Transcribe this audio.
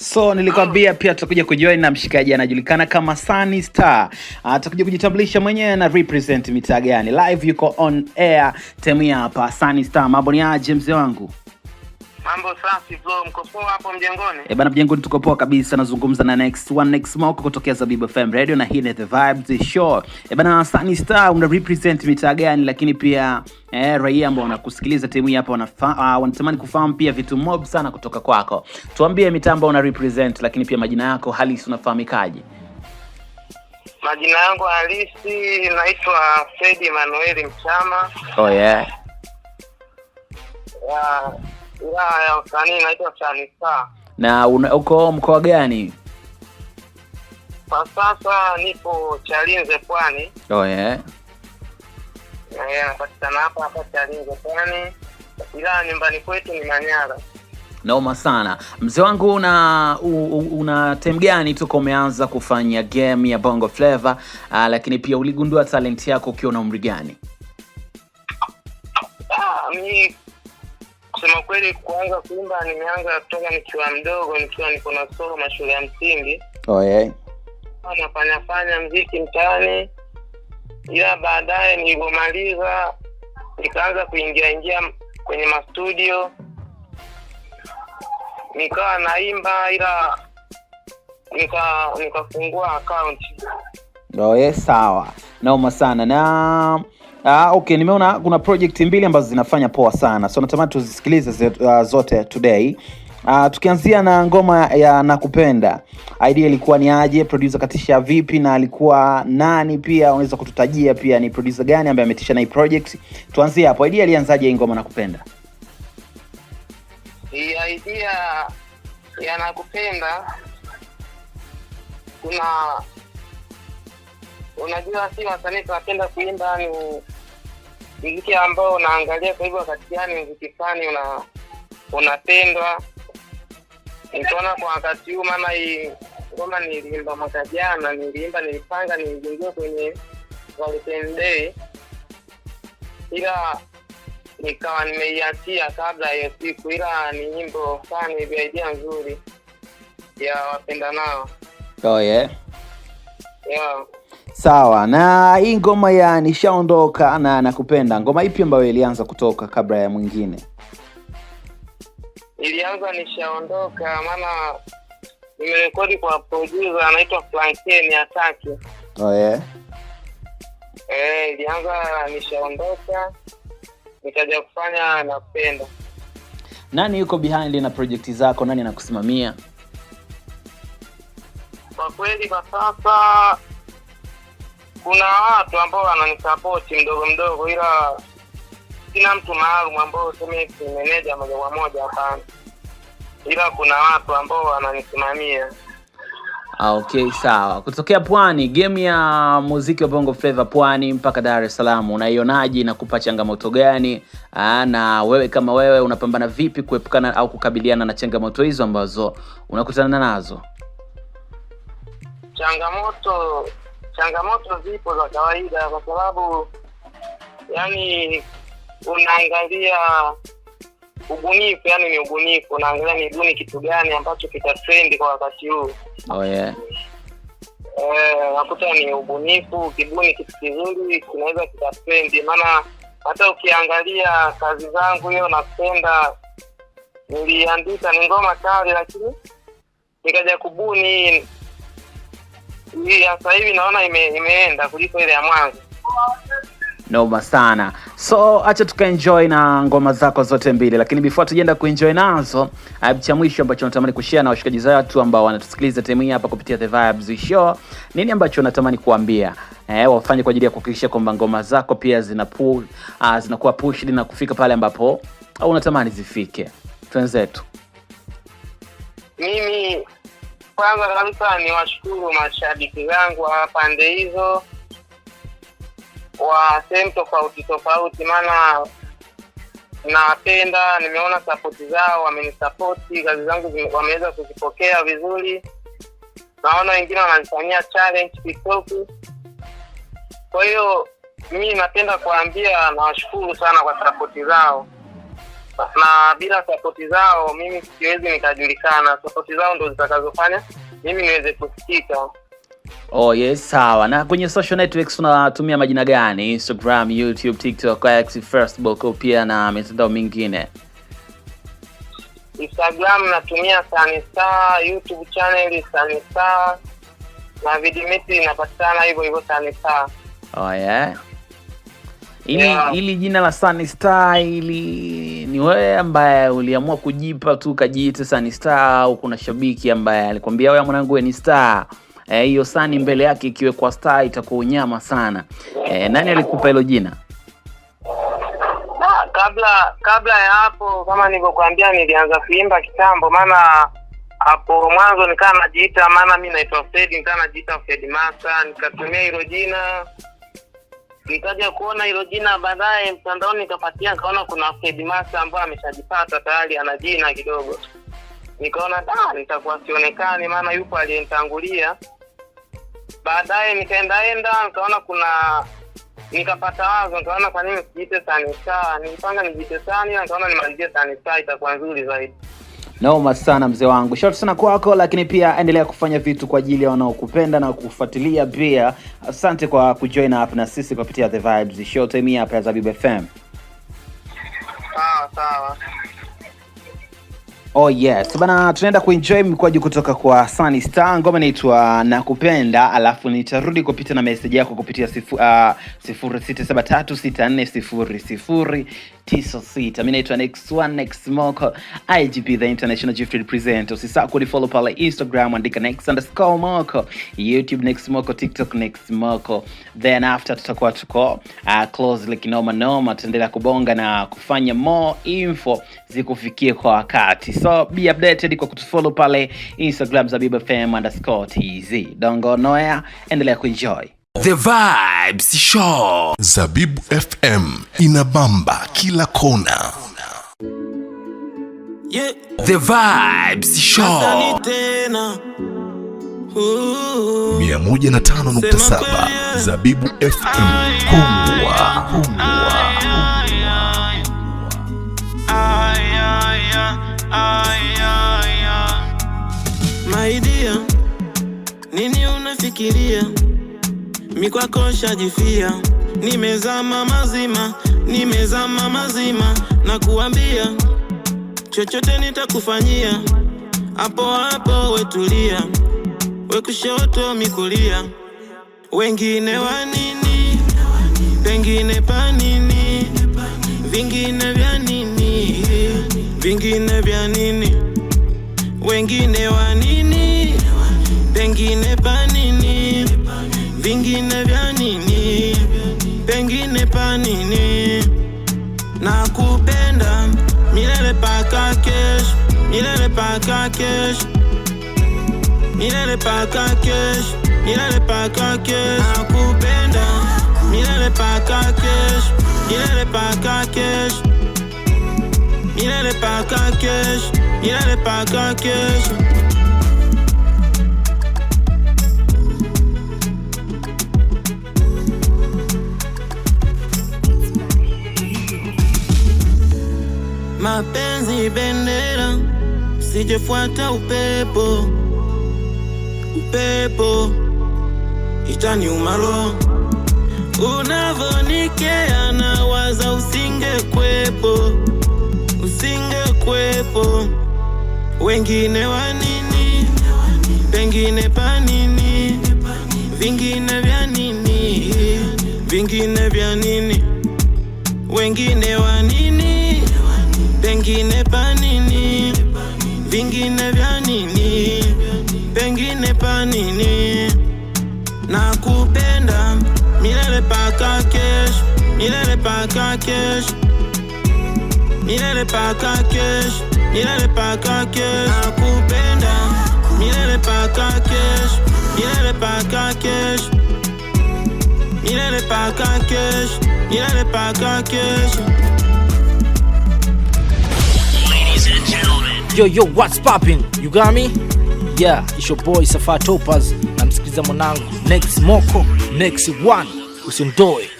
So nilikwambia pia tutakuja kujoin na mshikaji anajulikana kama sani Star. Atakuja ah, kujitambulisha mwenyewe na represent mitaa gani. Live yuko on air temu hapa sani Star. Mambo ni aje mzee wangu? Mambo safi bro, mko poa hapo mjengoni? Eh, bana mjengoni tuko poa kabisa. Nazungumza na Next One Next Smoke kutokea Zabibu FM Radio na hii ni The Vibes Show. Eh, bana Sunny Star una represent mitaa gani? Lakini pia eh, raia ambao wanakusikiliza timu hii hapa wanatamani uh, wanatamani kufahamu pia vitu mob sana kutoka kwako. Tuambie mitaa ambao una represent, lakini pia majina yako halisi unafahamikaje? Majina yangu halisi naitwa Fred Manuel Mchama. Oh yeah. Yeah ya msanii naitwa Shanisa. Na uko mkoa gani? Kwa sasa nipo Chalinze Pwani. Oh, yeah. yeah, Napatikana hapa hapa Chalinze Pwani, ila nyumbani kwetu ni Manyara. Naoma sana mzee wangu, una una tem gani toka umeanza kufanya game ya Bongo Flava, ah, lakini pia uligundua talenti yako ukiwa na umri gani? Kusema kweli, kuanza kuimba nimeanza kutoka nikiwa mdogo, nikiwa niko nasoma mashule ya msingi. Oh, yeah. nafanyafanya mziki mtaani, ila baadaye nilivyomaliza nikaanza kuingia ingia kwenye mastudio, nikawa naimba, ila nikafungua nika akaunti. Oh, yeah, sawa, naoma sana na Ah, okay, nimeona kuna project mbili ambazo zinafanya poa sana, so natamani tuzisikilize uh, zote today. Uh, tukianzia na ngoma ya nakupenda, idea ilikuwa ni aje? Producer katisha vipi na alikuwa nani? Pia unaweza kututajia pia ni producer gani ambaye ametisha na hii project? Tuanzie hapo, idea ilianzaje hii ngoma nakupenda? Hii idea ya nakupenda kuna unajua, si wasanii tunapenda kuimba ni mziki ambao unaangalia kwa hivyo, wakati gani mziki fulani una unapendwa. Nikaona kwa wakati huu, maana hii ngoma niliimba mwaka jana, niliimba nilipanga, nilijiingia kwenye Valentine Day, ila nikawa nimeiatia kabla ya siku, ila ni nyimbo fulani vya nzuri ya wapendanao. Oh, yeah. yeah. Sawa na hii ngoma ya nishaondoka na nakupenda, ngoma ipi ambayo ilianza kutoka kabla ya mwingine? Ilianza nishaondoka, maana nimerekodi kwa producer anaitwa Frankeni Ataki. Oh, yeah. Eh, ilianza nishaondoka, nikaja kufanya nakupenda. Nani yuko behind na project zako, nani anakusimamia? Kwa kweli kwa sasa kuna watu ambao wananisapoti mdogo mdogo, ila sina mtu maalum ambao useme moja kwa moja, hapana, ila kuna watu ambao wananisimamia. ok ah, okay, sawa. Kutokea Pwani, game ya muziki wa Bongo Flava Pwani mpaka Dar es Salaam unaionaje? Inakupa changamoto gani? Ah, na wewe kama wewe unapambana vipi kuepukana au kukabiliana na changamoto hizo ambazo unakutana nazo? Changamoto Changamoto zipo za kawaida, kwa sababu yani unaangalia ubunifu, yani ni ubunifu, unaangalia ni buni kitu gani ambacho kitatrendi kwa wakati huu. Oh, yeah. Eh, nakuta ni ubunifu, kibuni kitu kizuri kinaweza kitatrendi maana hata ukiangalia kazi zangu hiyo napenda niliandika ni ngoma kali, lakini nikaja kubuni hii sasa hivi naona ime, imeenda kuliko ile ya mwanzo. Noma sana. So hacha tukaenjoy na ngoma zako zote mbili, lakini before tujaenda kuenjoy nazo, cha mwisho ambacho natamani kushia na washikaji wetu ambao wanatusikiliza time hii hapa kupitia The Vibes Show, nini ambacho natamani kuambia eh, wafanye kwa ajili ya kuhakikisha kwamba ngoma zako pia zinapu, uh, ah, zinakuwa pushed na kufika pale ambapo au unatamani zifike? Twenzetu. Mimi kwanza kabisa niwashukuru mashabiki zangu wa pande hizo wa sehemu tofauti tofauti, maana napenda, nimeona sapoti zao, wamenisapoti kazi zangu wameweza kuzipokea vizuri. Naona wengine wanazifanyia challenge Kwa hiyo mii napenda kuwaambia nawashukuru sana kwa sapoti zao na bila sapoti zao mimi siwezi nikajulikana. Sapoti zao ndo zitakazofanya mimi niweze kusikika. Oh yes, sawa. Na kwenye social networks unatumia majina gani? Instagram, YouTube, TikTok, X, Facebook pia na mitandao mingine? Instagram natumia Sanistar, YouTube channel Sanistar na Vidimiti inapatikana hivyo hivyo Sanistar. Oh yeah. Ili, yeah. Ili jina la Sun Star ili ni wewe ambaye uliamua kujipa tu ukajiita Sun Star au kuna shabiki ambaye alikwambia wewe mwanangu wewe ni star? Eh, hiyo e, Sun mbele yake ikiwekwa star itakuwa unyama sana. E, nani alikupa hilo jina? Na, kabla kabla ya hapo kama nilivyokuambia nilianza kuimba kitambo, maana hapo mwanzo nikaa najiita, maana mi naitwa Fred, nikawa najiita Master, nikatumia hilo jina nikaja kuona hilo jina baadaye mtandaoni, nikapatia nikaona kuna fedmas ambayo ameshajipata tayari, ana jina kidogo. Nikaona da, nitakuwa sionekani maana yupo aliyentangulia Baadaye nikaendaenda nikaona kuna nikapata wazo, nikaona kwa nini sijiite Sani Nilipanga nijite Sani, nikaona nimalizie sanisaa itakuwa nzuri zaidi. Noma sana mzee wangu, shout sana kwako, lakini pia endelea kufanya vitu kwa ajili ya wanaokupenda na kufuatilia pia. Asante kwa kujoin up na sisi kupitia The Vibes Show time hapa ya Zabibu FM. Sawa sawa. Oh yes. Bana tunaenda kuenjoy mkwaji kutoka kwa Sunny Star. Ngoma inaitwa Nakupenda, alafu nitarudi kupita na message yako kupitia sifu, uh, 0673640096. Mimi naitwa Next One Next Moko, IGP the International Gifted Presenter. Usisahau kunifollow pale Instagram andika Moko, YouTube Next Moko, TikTok Next Moko. Then after tutakuwa tuko uh, close like noma noma, tutaendelea kubonga na kufanya more info zikufikie kwa wakati so be updated kwa kutufollow pale Instagram Zabibfm underscore tz. Dongo noya, endelea kuenjoy The Vibes Show. zabib FM inabamba kila kona. Yeah. The Vibes Show. mia moja na tano nukta saba Zabibu FM. Kumbwa. Kumbwa. nafikiria mi kwako nshajifia, nimezama mazima, nimezama mazima, na kuambia chochote nitakufanyia, hapo hapo wetulia, we kushoto mikulia, wengine wa nini, pengine pa vingine vya nini, vingine vya nini, wengine wa nini vingine pa nini? Vingine vya nini? Pengine pa nini? kupenda milele paka kesho, milele paka kesho, milele paka kesho, milele paka kesho. kupenda milele paka kesho, milele paka kesho, milele paka kesho, milele paka kesho. mapenzi bendera, sijefuata upepo, upepo itaniuma roho. Unavonikea na waza usingekwepo, usingekwepo, wengine wanini, pengine panini, vingine vya nini, vingine vya nini, wengine wanini Pengine panini, vingine vya nini? Pengine panini, kupenda milele paka kesh milele paka kesh milele paka kesh milele paka na kupenda milele paka kesh milele paka kesh milele paka kesh milele paka kesh yo yo, what's popping? you got me yeah, it's your boy Safa Topaz na msikiliza mwanangu next moko next one, usiondoe